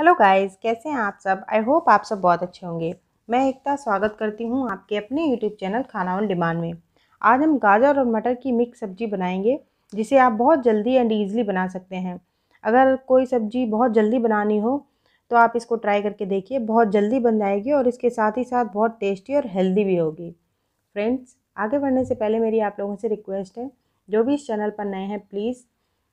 hello guys कैसे हैं आप सब आई होप आप सब बहुत अच्छे होंगे मैं एकता स्वागत करती हूं आपके अपने यूट्यूब चैनल खाना ऑन डिमांड में आज हम गाजर और मटर की मिक्स सब्जी बनाएंगे जिसे आप बहुत जल्दी एंड ईजिली बना सकते हैं अगर कोई सब्जी बहुत जल्दी बनानी हो तो आप इसको ट्राई करके देखिए बहुत जल्दी बन जाएगी और इसके साथ ही साथ बहुत टेस्टी और हेल्दी भी होगी फ्रेंड्स आगे बढ़ने से पहले मेरी आप लोगों से रिक्वेस्ट है जो भी इस चैनल पर नए हैं प्लीज़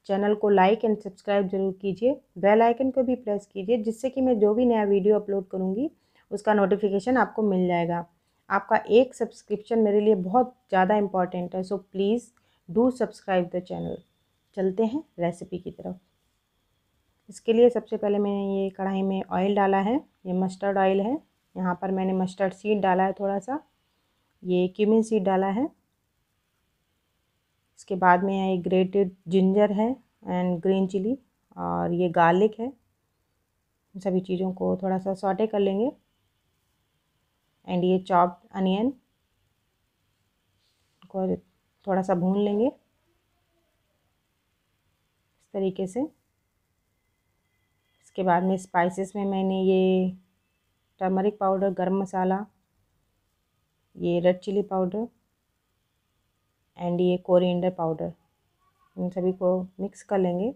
चैनल को लाइक एंड सब्सक्राइब जरूर कीजिए बेल आइकन को भी प्रेस कीजिए जिससे कि मैं जो भी नया वीडियो अपलोड करूँगी उसका नोटिफिकेशन आपको मिल जाएगा आपका एक सब्सक्रिप्शन मेरे लिए बहुत ज़्यादा इम्पॉर्टेंट है so please do subscribe the channel चलते हैं रेसिपी की तरफ इसके लिए सबसे पहले मैंने ये कढ़ाई में ऑयल डाला है ये मस्टर्ड ऑयल है यहाँ पर मैंने मस्टर्ड सीड डाला है थोड़ा सा ये क्यूमिन सीड डाला है इसके बाद में एक ग्रेटेड जिंजर है एंड ग्रीन चिली और ये गार्लिक है इन सभी चीज़ों को थोड़ा सा सॉटे कर लेंगे एंड ये चॉप्ड अनियन को थोड़ा सा भून लेंगे इस तरीके से इसके बाद में स्पाइसेस में मैंने ये टर्मरिक पाउडर गरम मसाला ये रेड चिली पाउडर एंड ये कोरिएंडर पाउडर इन सभी को मिक्स कर लेंगे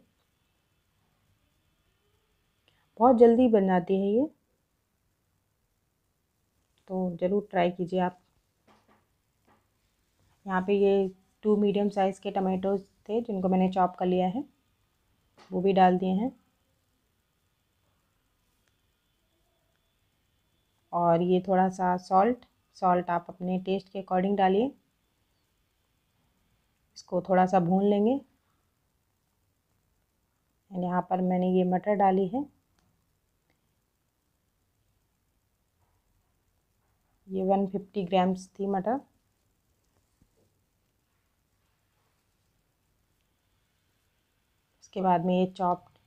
बहुत जल्दी बन जाती है ये तो ज़रूर ट्राई कीजिए आप यहाँ पे ये टू मीडियम साइज़ के टमाटोज थे जिनको मैंने चॉप कर लिया है वो भी डाल दिए हैं और ये थोड़ा सा सॉल्ट सॉल्ट आप अपने टेस्ट के अकॉर्डिंग डालिए इसको थोड़ा सा भून लेंगे एंड यहाँ पर मैंने ये मटर डाली है ये 150 ग्राम्स थी मटर उसके बाद में ये चॉप्ड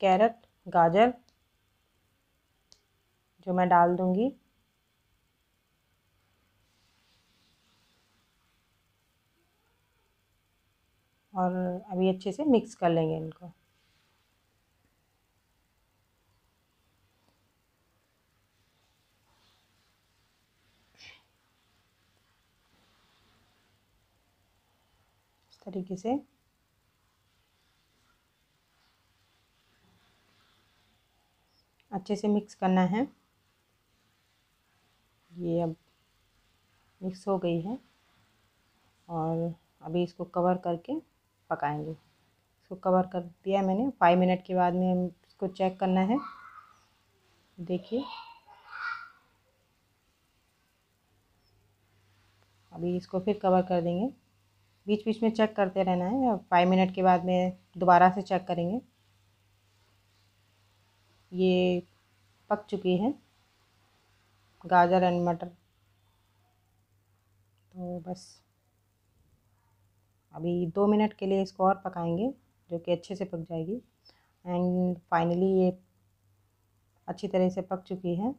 कैरेट गाजर जो मैं डाल दूँगी और अभी अच्छे से मिक्स कर लेंगे इनको इस तरीके से अच्छे से मिक्स करना है ये अब मिक्स हो गई है और अभी इसको कवर करके पकाएंगे इसको कवर कर दिया मैंने फाइव मिनट के बाद में इसको चेक करना है देखिए अभी इसको फिर कवर कर देंगे बीच बीच में चेक करते रहना है फाइव मिनट के बाद में दोबारा से चेक करेंगे ये पक चुकी है गाजर एंड मटर तो बस अभी दो मिनट के लिए इसको और पकाएंगे जो कि अच्छे से पक जाएगी एंड फाइनली ये अच्छी तरह से पक चुकी है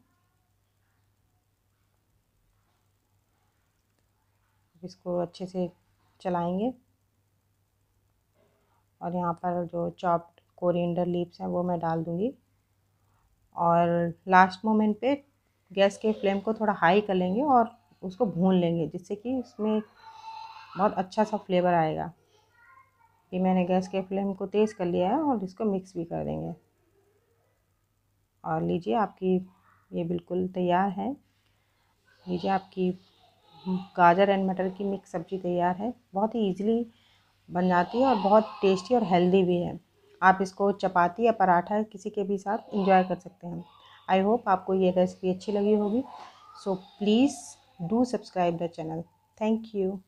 इसको अच्छे से चलाएंगे और यहाँ पर जो चॉप्ड कोरिएंडर लीव्स हैं वो मैं डाल दूँगी और लास्ट मोमेंट पे गैस के फ्लेम को थोड़ा हाई कर लेंगे और उसको भून लेंगे जिससे कि उसमें बहुत अच्छा सा फ्लेवर आएगा ये मैंने गैस के फ्लेम को तेज़ कर लिया है और इसको मिक्स भी कर देंगे और लीजिए आपकी ये बिल्कुल तैयार है लीजिए आपकी हम्म, गाजर एंड मटर की मिक्स सब्ज़ी तैयार है बहुत ही ईजिली बन जाती है और बहुत टेस्टी और हेल्दी भी है आप इसको चपाती या पराठा किसी के भी साथ इंजॉय कर सकते हैं आई होप आपको ये रेसिपी अच्छी लगी होगी so please do subscribe the channel thank you